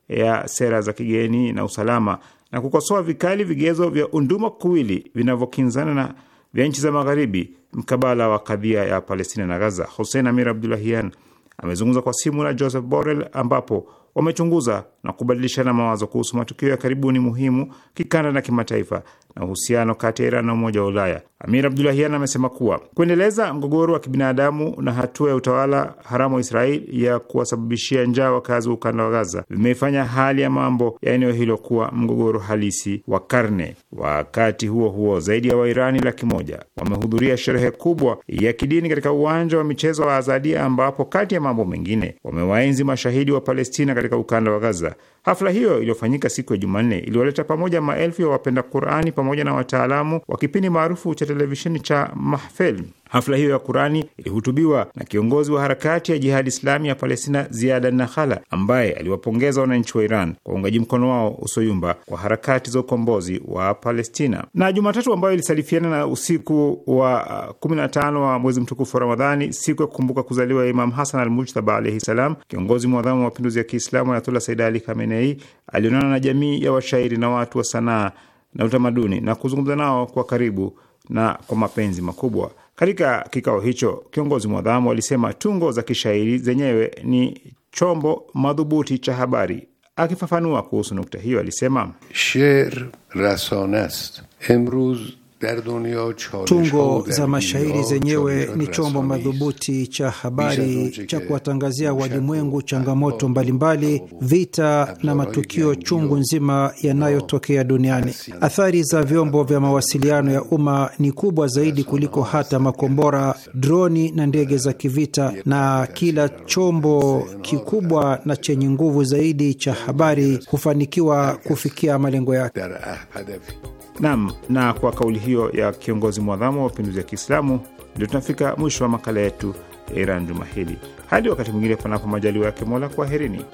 ya sera za kigeni na usalama na kukosoa vikali vigezo vya unduma kuwili vinavyokinzana na vya nchi za magharibi mkabala wa kadhia ya Palestina na Gaza. Hussein Amir Abdulahian amezungumza kwa simu na Joseph Borrell ambapo wamechunguza na kubadilishana mawazo kuhusu matukio ya karibuni muhimu kikanda na kimataifa na uhusiano kati ya Iran na Umoja wa Ulaya. Amir Abdulahian amesema kuwa kuendeleza mgogoro wa kibinadamu na hatua ya utawala haramu wa Israeli ya kuwasababishia njaa wakazi wa ukanda wa Gaza vimeifanya hali ya mambo ya eneo hilo kuwa mgogoro halisi wa karne. Wakati huo huo, zaidi ya Wairani laki moja wamehudhuria sherehe kubwa ya kidini katika uwanja wa michezo wa Azadia, ambapo kati ya mambo mengine wamewaenzi mashahidi wa Palestina katika ukanda wa Gaza. Hafla hiyo iliyofanyika siku ya Jumanne iliwaleta pamoja maelfu ya wapenda Qurani pamoja na wataalamu wa kipindi maarufu cha televisheni cha Mahfel. Hafla hiyo ya Qurani ilihutubiwa na kiongozi wa harakati ya Jihadi Islami ya Palestina, Ziada Nahala, ambaye aliwapongeza wananchi wa Iran kwa uungaji mkono wao usoyumba kwa harakati za ukombozi wa Palestina. Na Jumatatu ambayo ilisalifiana na usiku wa 15 uh, wa mwezi mtukufu wa Ramadhani, siku ya kukumbuka kuzaliwa Imam Hasan al Mujtaba alaihi salam, kiongozi mwadhamu wa mapinduzi ya Kiislamu Ayatullah Said Ali Khamenei Sydney alionana na jamii ya washairi na watu wa sanaa na utamaduni na kuzungumza nao kwa karibu na kwa mapenzi makubwa. Katika kikao hicho, kiongozi mwadhamu alisema tungo za kishairi zenyewe ni chombo madhubuti cha habari. Akifafanua kuhusu nukta hiyo, alisema sher rasonest emruz Tungo za mashairi zenyewe ni chombo madhubuti cha habari cha kuwatangazia walimwengu changamoto mbalimbali, vita na matukio chungu nzima yanayotokea duniani. Athari za vyombo vya mawasiliano ya umma ni kubwa zaidi kuliko hata makombora, droni na ndege za kivita, na kila chombo kikubwa na chenye nguvu zaidi cha habari hufanikiwa kufikia malengo yake. Nam, na kwa kauli hiyo ya kiongozi mwadhamu wa mapinduzi ya Kiislamu ndio tunafika mwisho wa makala yetu ya Iran juma hili. Hadi wakati mwingine, panapo majaliwa yake Mola, kwaherini.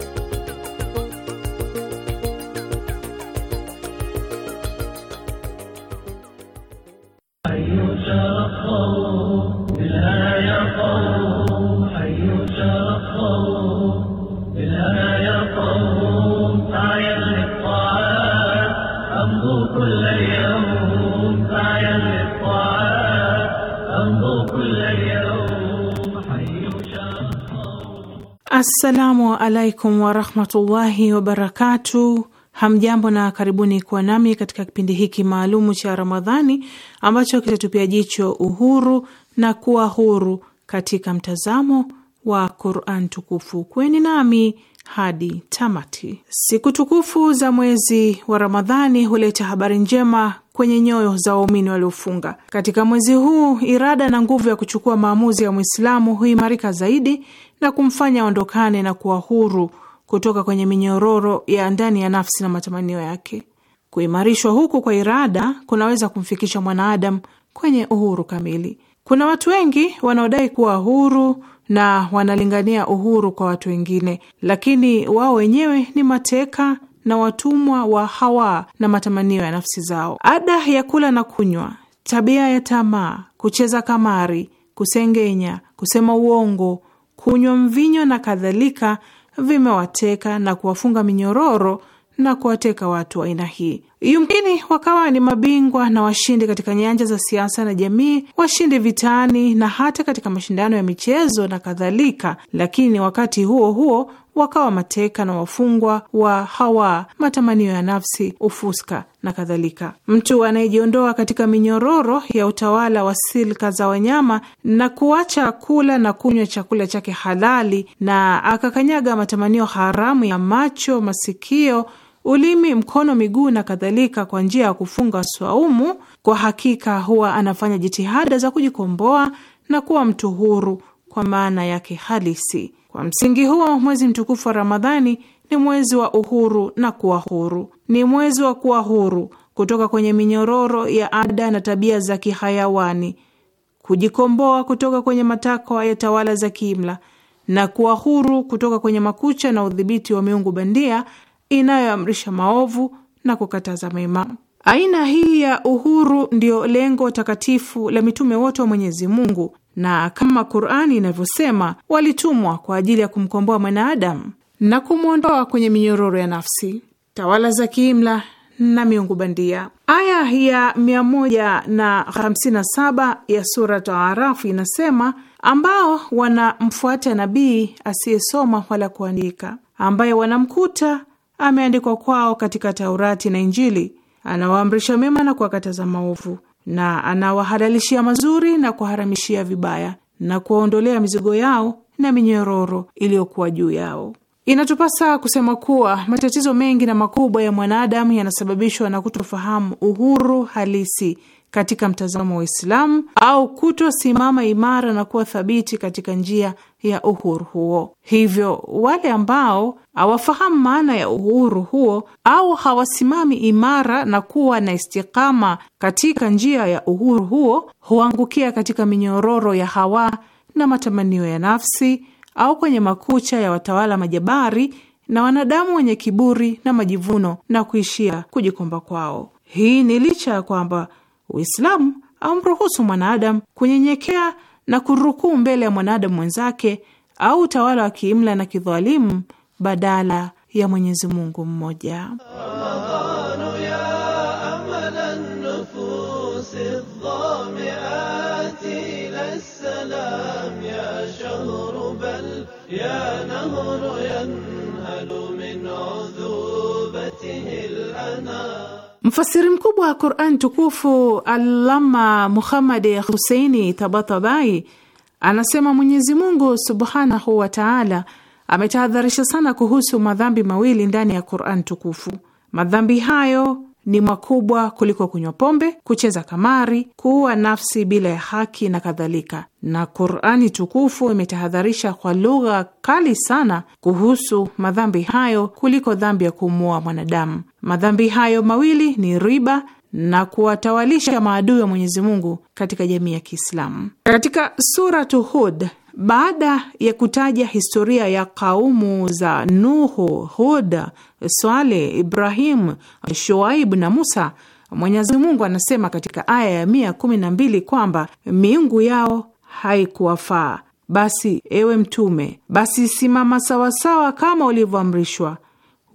Assalamu alaikum warahmatullahi wabarakatu. Hamjambo na karibuni kuwa nami katika kipindi hiki maalumu cha Ramadhani ambacho kitatupia jicho uhuru na kuwa huru katika mtazamo wa Quran tukufu. Kweni nami hadi tamati. Siku tukufu za mwezi wa Ramadhani huleta habari njema kwenye nyoyo za waumini waliofunga. Katika mwezi huu, irada na nguvu ya kuchukua maamuzi ya Mwislamu huimarika zaidi na kumfanya aondokane na kuwa huru kutoka kwenye minyororo ya ndani ya nafsi na matamanio yake. Kuimarishwa huku kwa irada kunaweza kumfikisha mwanaadamu kwenye uhuru kamili. Kuna watu wengi wanaodai kuwa huru na wanalingania uhuru kwa watu wengine, lakini wao wenyewe ni mateka na watumwa wa hawa na matamanio ya nafsi zao. Ada ya kula na kunywa, tabia ya tamaa, kucheza kamari, kusengenya, kusema uongo, kunywa mvinyo na kadhalika vimewateka na kuwafunga minyororo na kuwateka watu wa aina hii. Yumkini wakawa ni mabingwa na washindi katika nyanja za siasa na jamii, washindi vitani na hata katika mashindano ya michezo na kadhalika, lakini wakati huo huo wakawa mateka na wafungwa wa hawa, matamanio ya nafsi, ufuska na kadhalika. Mtu anayejiondoa katika minyororo ya utawala wa silka za wanyama na kuacha kula na kunywa chakula chake halali na akakanyaga matamanio haramu ya macho, masikio ulimi, mkono, miguu na kadhalika, kwa njia ya kufunga swaumu, kwa hakika huwa anafanya jitihada za kujikomboa na kuwa mtu huru kwa maana yake halisi. Kwa msingi huo mwezi mtukufu wa Ramadhani ni mwezi wa uhuru na kuwa huru, ni mwezi wa kuwa huru kutoka kwenye minyororo ya ada na tabia za kihayawani, kujikomboa kutoka kwenye matakwa ya tawala za kiimla na kuwa huru kutoka kwenye makucha na udhibiti wa miungu bandia inayoamrisha maovu na kukataza mema. Aina hii ya uhuru ndiyo lengo takatifu la mitume wote wa Mwenyezi Mungu na kama Qurani inavyosema walitumwa kwa ajili ya kumkomboa mwanadamu na kumwondoa kwenye minyororo ya nafsi, tawala za kiimla na miungu bandia. Aya ya 157 ya Surat Arafu inasema, ambao wanamfuata nabii asiyesoma wala kuandika, ambaye wanamkuta ameandikwa kwao katika Taurati na Injili, anawaamrisha mema na kuwakataza maovu na anawahalalishia mazuri na kuwaharamishia vibaya na kuwaondolea mizigo yao na minyororo iliyokuwa juu yao. Inatupasa kusema kuwa matatizo mengi na makubwa ya mwanadamu yanasababishwa na kutofahamu uhuru halisi katika mtazamo wa Uislamu au kutosimama imara na kuwa thabiti katika njia ya uhuru huo. Hivyo wale ambao hawafahamu maana ya uhuru huo au hawasimami imara na kuwa na istikama katika njia ya uhuru huo, huangukia katika minyororo ya hawa na matamanio ya nafsi au kwenye makucha ya watawala majabari na wanadamu wenye kiburi na majivuno na kuishia kujikomba kwao. Hii ni licha ya kwamba Uislamu amruhusu mwanadamu kunyenyekea na kurukuu mbele ya mwanadamu mwenzake au utawala wa kiimla na kidhalimu badala ya Mwenyezi Mungu mmoja. Mfasiri mkubwa wa Quran tukufu Allama muhammad Huseini Tabatabai anasema Mwenyezi Mungu subhanahu wa taala ametahadharisha sana kuhusu madhambi mawili ndani ya Quran tukufu. Madhambi hayo ni makubwa kuliko kunywa pombe, kucheza kamari, kuua nafsi bila ya haki na kadhalika. Na Qurani tukufu imetahadharisha kwa lugha kali sana kuhusu madhambi hayo kuliko dhambi ya kumuua mwanadamu. Madhambi hayo mawili ni riba na kuwatawalisha maadui wa Mwenyezi Mungu katika jamii ya Kiislamu. Katika Suratu Hud baada ya kutaja historia ya kaumu za Nuhu, Hud, swale Ibrahim, Shuaib na Musa, Mwenyezi Mungu anasema katika aya ya mia kumi na mbili kwamba miungu yao haikuwafaa. Basi ewe Mtume, basi simama sawasawa kama ulivyoamrishwa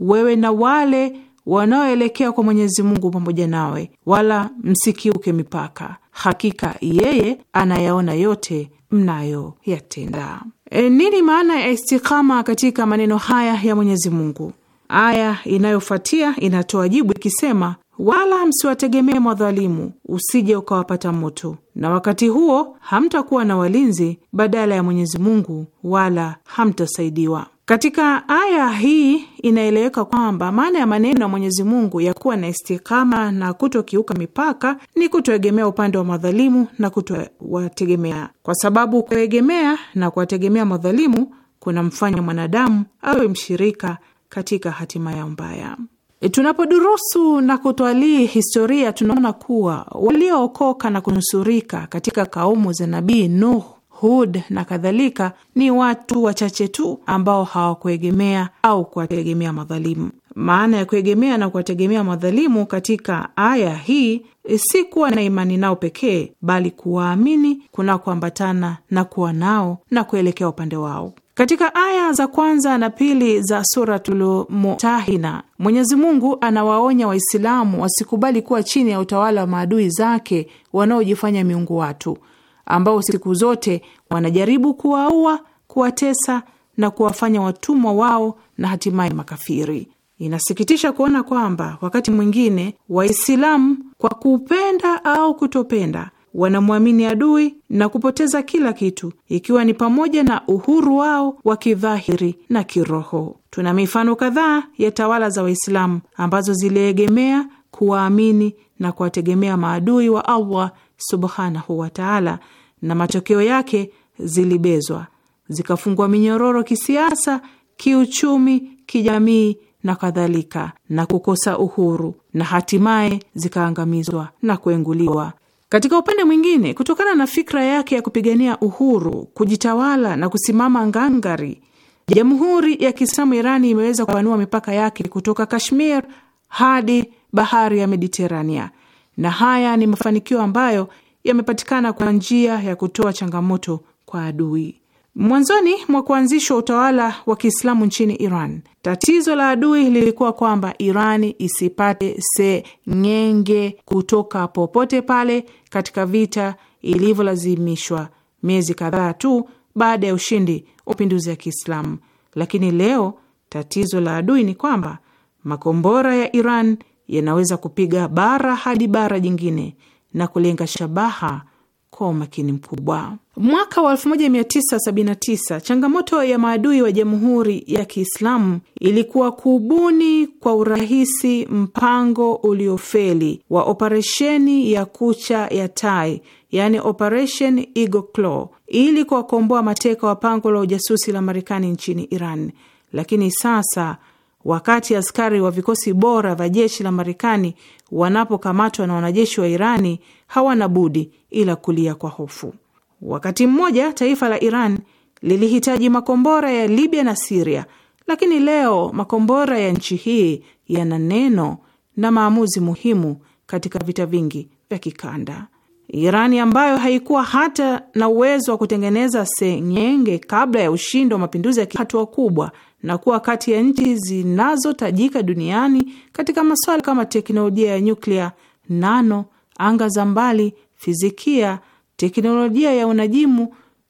wewe na wale wanaoelekea kwa Mwenyezi Mungu pamoja nawe, wala msikiuke mipaka. Hakika yeye anayaona yote mnayoyatenda. E, nini maana ya istikama katika maneno haya ya Mwenyezi Mungu? Aya inayofuatia inatoa jibu ikisema wala msiwategemee madhalimu, usije ukawapata moto, na wakati huo hamtakuwa na walinzi badala ya Mwenyezi Mungu, wala hamtasaidiwa. Katika aya hii inaeleweka kwamba maana ya maneno ya Mwenyezi Mungu ya kuwa na istikama na kutokiuka mipaka ni kutoegemea upande wa madhalimu na kutowategemea, kwa sababu kuegemea na kuwategemea madhalimu kunamfanya mwanadamu awe mshirika katika hatima ya mbaya. E, tunapodurusu na kutwalii historia, tunaona kuwa waliookoka na kunusurika katika kaumu za Nabii Nuh Hud na kadhalika, ni watu wachache tu ambao hawakuegemea au kuwategemea madhalimu. Maana ya kuegemea na kuwategemea madhalimu katika aya hii eh, si kuwa na imani nao pekee, bali kuwaamini kunakoambatana na kuwa nao na kuelekea upande wao. Katika aya za kwanza na pili za Suratul mwenyezimungu Mwenyezi Mungu anawaonya Waislamu wasikubali kuwa chini ya utawala wa maadui zake wanaojifanya miungu watu ambao siku zote wanajaribu kuwaua, kuwatesa na kuwafanya watumwa wao na hatimaye makafiri. Inasikitisha kuona kwamba wakati mwingine Waislamu kwa kupenda au kutopenda wanamwamini adui na kupoteza kila kitu, ikiwa ni pamoja na uhuru wao wa kidhahiri na kiroho. Tuna mifano kadhaa ya tawala za Waislamu ambazo ziliegemea kuwaamini na kuwategemea maadui wa Allah subhanahu wataala, na matokeo yake zilibezwa, zikafungwa minyororo kisiasa, kiuchumi, kijamii na kadhalika, na kukosa uhuru na hatimaye zikaangamizwa na kuenguliwa. Katika upande mwingine, kutokana na fikra yake ya kupigania uhuru, kujitawala na kusimama ngangari, Jamhuri ya Kiislamu Irani imeweza kupanua mipaka yake kutoka Kashmir hadi bahari ya Mediterania na haya ni mafanikio ambayo yamepatikana kwa njia ya kutoa changamoto kwa adui. Mwanzoni mwa kuanzishwa utawala wa Kiislamu nchini Iran, tatizo la adui lilikuwa kwamba Iran isipate seng'enge kutoka popote pale katika vita ilivyolazimishwa miezi kadhaa tu baada ya ushindi wa mapinduzi ya Kiislamu. Lakini leo tatizo la adui ni kwamba makombora ya Iran yanaweza kupiga bara hadi bara jingine na kulenga shabaha kwa umakini mkubwa. Mwaka wa 1979 changamoto ya maadui wa Jamhuri ya Kiislamu ilikuwa kubuni kwa urahisi mpango uliofeli wa operesheni ya kucha ya tai, yani Operation Eagle Claw, ili kuwakomboa mateka wa pango la ujasusi la Marekani nchini Iran, lakini sasa Wakati askari wa vikosi bora vya jeshi la Marekani wanapokamatwa na wanajeshi wa Irani hawana budi ila kulia kwa hofu. Wakati mmoja taifa la Iran lilihitaji makombora ya Libya na Siria, lakini leo makombora ya nchi hii yana neno na maamuzi muhimu katika vita vingi vya kikanda. Irani ambayo haikuwa hata na uwezo wa kutengeneza senyenge kabla ya ushindi wa mapinduzi ya hatua kubwa na kuwa kati ya nchi zinazotajika duniani katika masuala kama teknolojia ya nyuklia, nano, anga za mbali, fizikia, teknolojia ya unajimu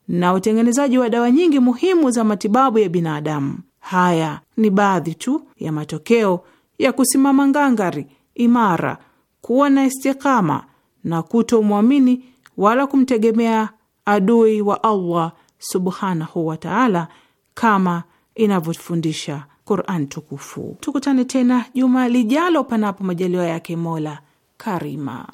na utengenezaji wa dawa nyingi muhimu za matibabu ya binadamu. Haya ni baadhi tu ya matokeo ya kusimama ngangari imara, kuwa na istikama na kutomwamini wala kumtegemea adui wa Allah subhanahu wataala kama inavyofundisha Quran tukufu. Tukutane tena juma lijalo, panapo majaliwa yake Mola Karima.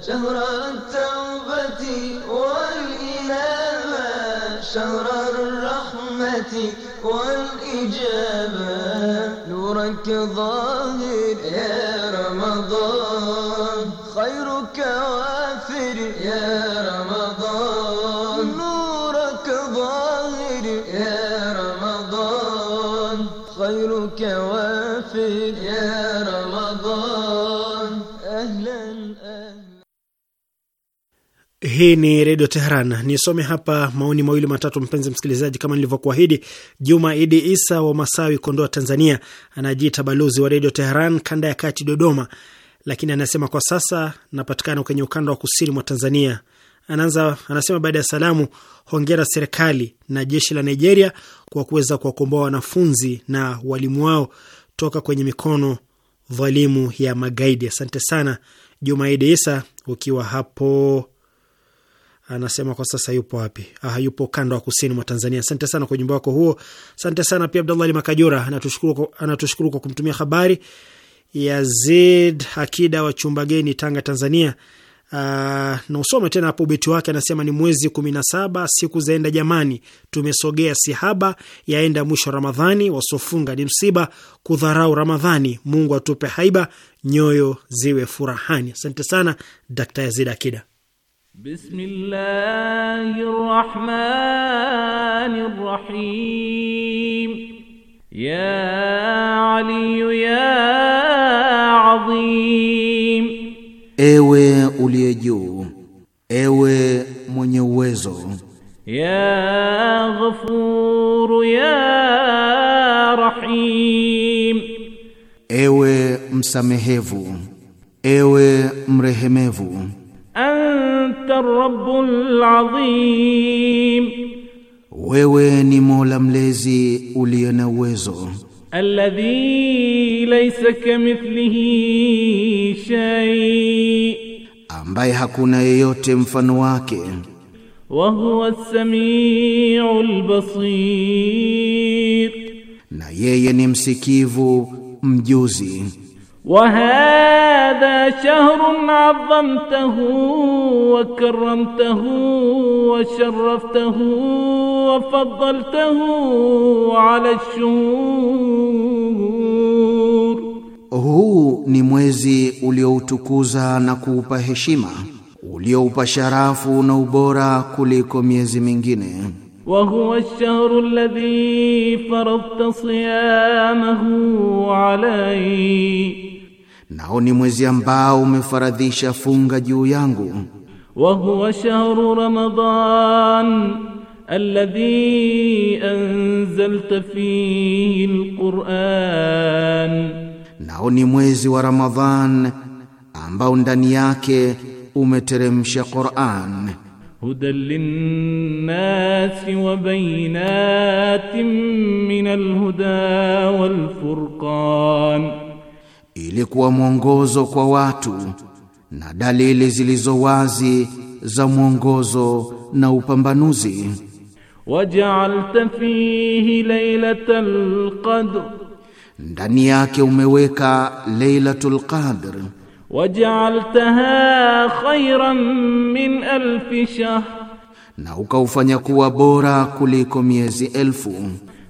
Hii ni Redio Teheran. Nisome hapa maoni mawili matatu, mpenzi msikilizaji, kama nilivyokuahidi. Juma Idi Isa wa Masawi, Kondoa, Tanzania, anajiita balozi wa Redio Teheran kanda ya kati, Dodoma, lakini anasema kwa sasa napatikana kwenye ukanda wa kusini mwa Tanzania. Anaanza, anasema baada ya salamu, hongera serikali na jeshi la Nigeria kwa kuweza kuwakomboa wanafunzi na walimu wao toka kwenye mikono dhalimu ya magaidi. Asante sana Jumaidi Isa, ukiwa hapo anasema kwa sasa yupo wapi? Ah, yupo kando wa kusini mwa Tanzania. Asante sana kwa ujumbe wako huo, asante sana pia. Abdallah Ali Makajura anatushukuru, anatushukuru kwa kumtumia habari. Yazid Akida wa Chumbageni, Tanga, Tanzania, Ah, na usome tena hapo ubeti wake. Anasema ni mwezi kumi na saba, siku zaenda jamani, tumesogea sihaba, yaenda mwisho Ramadhani, wasofunga ni msiba, kudharau Ramadhani, Mungu atupe haiba, nyoyo ziwe furahani. Asante sana Dr. Yazid Akida. Bismillahi rahmani rahim. Ya Ali ya azim Ewe uliye juu, ewe mwenye uwezo. Ya Ghafuru ya Rahim, ewe msamehevu, ewe mrehemevu. Anta Rabbul Azim, wewe ni Mola mlezi uliye na uwezo. الذي ليس kamithlihi shay, ambaye hakuna yeyote mfano wake. Wa huwa as-sami'ul basir, na yeye ni msikivu mjuzi. Wa hadha shahrun 'azzamtahu wa karramtahu wa sharraftahu wafadhaltahu ala shuhur, huu ni mwezi ulioutukuza na kuupa heshima, ulioupa sharafu na ubora kuliko miezi mingine. Wa huwa ash-shahru alladhi faradta siyamahu alayhi, nao ni mwezi ambao umefaradhisha funga juu yangu. Wa huwa shahru Ramadhan الذي anzalta فيه alquran, nao ni mwezi wa Ramadhan ambao ndani yake umeteremsha Qur'an. Hudan linnasi wa bayinatin min alhuda ili kuwa mwongozo kwa watu na dalili zilizo wazi za mwongozo na upambanuzi waj'alta fihi lailatal qadr, ndani yake umeweka lailatul qadr. Waj'altaha khairan min alfi shahr, na ukaufanya kuwa bora kuliko miezi elfu.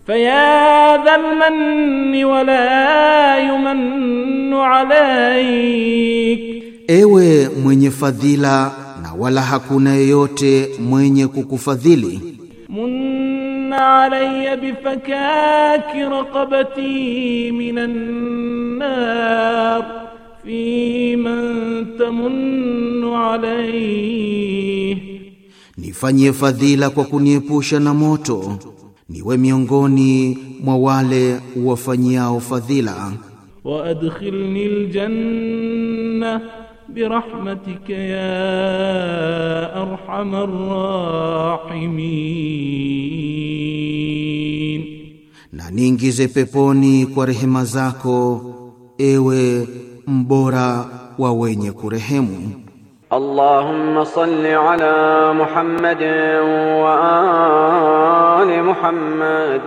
Faya dhal manni wala yumannu alayk, ewe mwenye fadhila na wala hakuna yeyote mwenye kukufadhili من علي بفكاك رقبتي من النار في من تمن عليه nifanyie fadhila kwa kuniepusha na moto niwe miongoni mwa wale wafanyiao fadhila wa adkhilni aljanna برحمتك يا أرحم الراحمين na niingize peponi kwa rehema zako ewe mbora wa wenye kurehemu Allahumma salli ala Muhammad wa ali Muhammad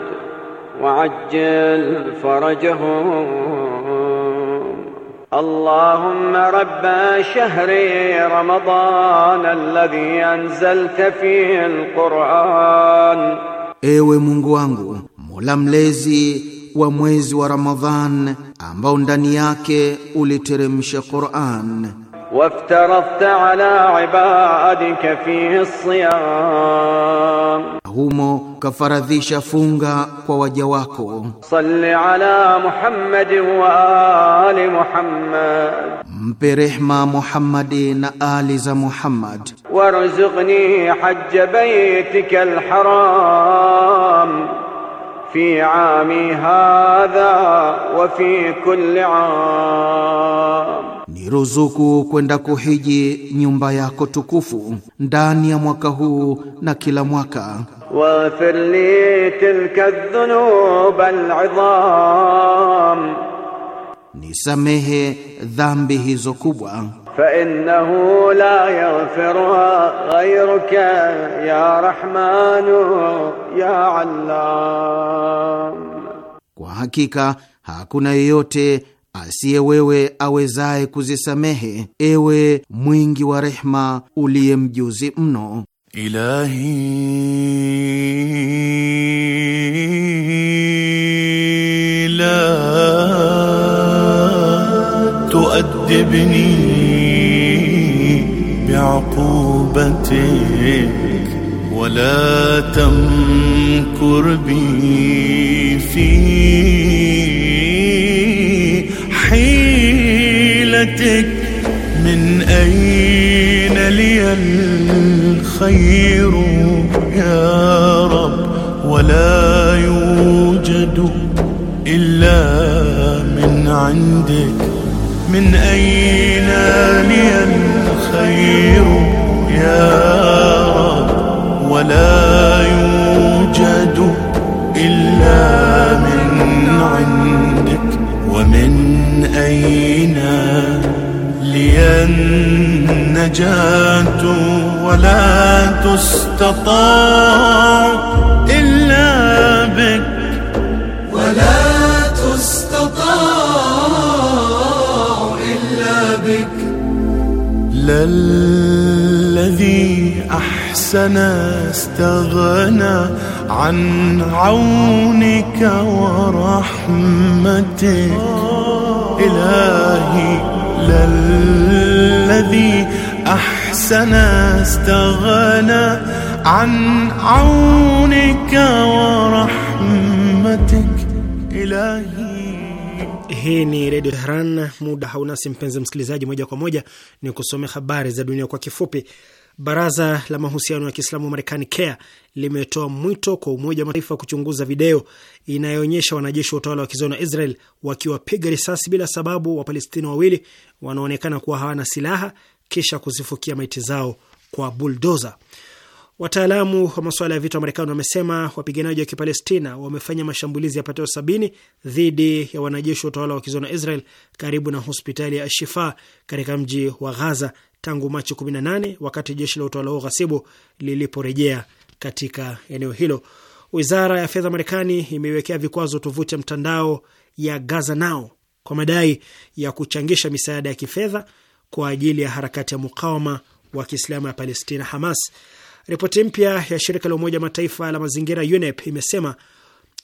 wa ajil farajahum اللهم رب شهر رمضان الذي انزلت فيه القران Ewe Mungu wangu, Mola mlezi wa mwezi wa Ramadhan ambao ndani yake uliteremsha Qur'an. وافترضت على عبادك فيه الصيام humo kafaradhisha funga kwa waja wako salli ala muhammad wa ali muhammad mpe rehma muhammadi na ali za muhammad warzuqni hajj baytika alharam في عامي هذا وفي كل عام ni ruzuku kwenda kuhiji nyumba yako tukufu ndani ya mwaka huu na kila mwaka. Waghfir li tilka dhunub al'idham, nisamehe dhambi hizo kubwa. Fa innahu la yaghfiruha ghayruka ya rahmanu ya allam, kwa hakika hakuna yeyote asiye wewe awezaye kuzisamehe, ewe mwingi wa rehma uliye mjuzi mno. Ilahi la tuadibni biuqubatik wala tamkur bi بيدك من أين لي الخير يا رب ولا يوجد إلا من عندك من أين لي الخير يا رب ولا يوجد إلا من عندك ومن أين لي النجاة ولا تستطاع إلا بك ولا تستطاع إلا بك للذي أحسن استغنى عن عونك ورحمتك إلهي الذي أحسن استغنى عن عونك ورحمتك إلهي Hii ni Redio Tehran. Muda haunasi mpenzi msikilizaji, moja kwa moja ni kusomea habari za dunia kwa kifupi. Baraza la mahusiano ya Kiislamu Marekani care limetoa mwito kwa Umoja wa Mataifa kuchunguza video inayoonyesha wanajeshi wa utawala wa kizona Israel wakiwapiga risasi bila sababu Wapalestina wawili wanaonekana kuwa hawana silaha kisha kuzifukia maiti zao kwa buldoza. Wataalamu wa masuala ya vita wa Marekani wamesema wapiganaji wa Kipalestina wamefanya mashambulizi ya yapatayo sabini dhidi ya wanajeshi wa utawala wa kizona Israel karibu na hospitali ya Ashifa katika mji wa Ghaza tangu Machi 18 wakati jeshi la utawala huo ghasibu liliporejea katika eneo hilo. Wizara ya fedha Marekani imeiwekea vikwazo tovuti ya mtandao ya Gaza Now kwa madai ya kuchangisha misaada ya kifedha kwa ajili ya harakati ya mukawama wa Kiislamu ya Palestina, Hamas. Ripoti mpya ya shirika la Umoja Mataifa la mazingira UNEP imesema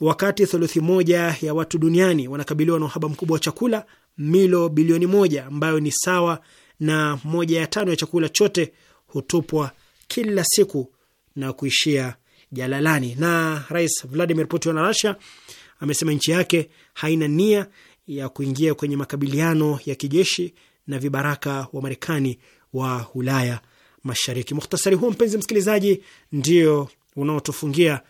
wakati thuluthi moja ya watu duniani wanakabiliwa na uhaba mkubwa wa chakula, milo bilioni moja ambayo ni sawa na moja ya tano ya chakula chote hutupwa kila siku na kuishia jalalani. Na Rais Vladimir Putin wa Rusia amesema nchi yake haina nia ya kuingia kwenye makabiliano ya kijeshi na vibaraka wa Marekani wa Ulaya Mashariki. Mukhtasari huo mpenzi msikilizaji, ndio unaotufungia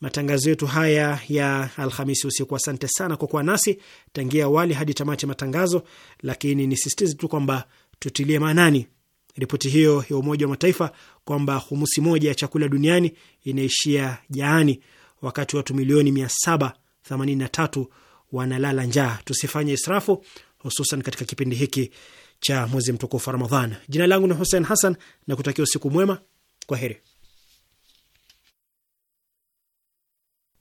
matangazo yetu haya ya Alhamisi usiku. Asante sana kwa kuwa nasi tangia awali hadi tamati ya matangazo, lakini nisisitize tu kwamba tutilie maanani ripoti hiyo ya Umoja wa Mataifa kwamba humusi moja ya chakula duniani inaishia jaani, wakati watu milioni 783 wanalala njaa. Tusifanye israfu, hususan katika kipindi hiki cha mwezi mtukufu Ramadhan. Jina langu ni Hussein Hassan na kutakia usiku mwema. Kwa heri.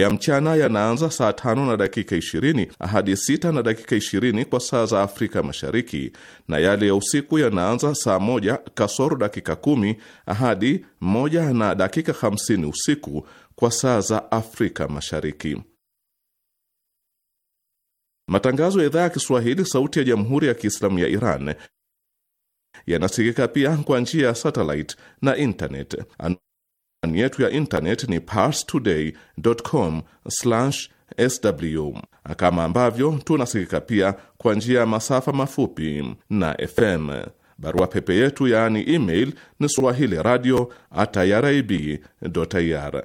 ya mchana yanaanza saa tano na dakika ishirini hadi sita na dakika ishirini kwa saa za Afrika Mashariki, na yale ya usiku yanaanza saa moja kasoro dakika kumi hadi moja na dakika hamsini usiku kwa saa za Afrika Mashariki. Matangazo ya idhaa ya Kiswahili sauti ya Jamhuri ya Kiislamu ya Iran yanasikika pia kwa njia ya satellite na internet. Anwani yetu ya intanet ni parstoday.com/sw, kama ambavyo tunasikika pia kwa njia ya masafa mafupi na FM. Barua pepe yetu yaani email ni swahili radio at irib.ir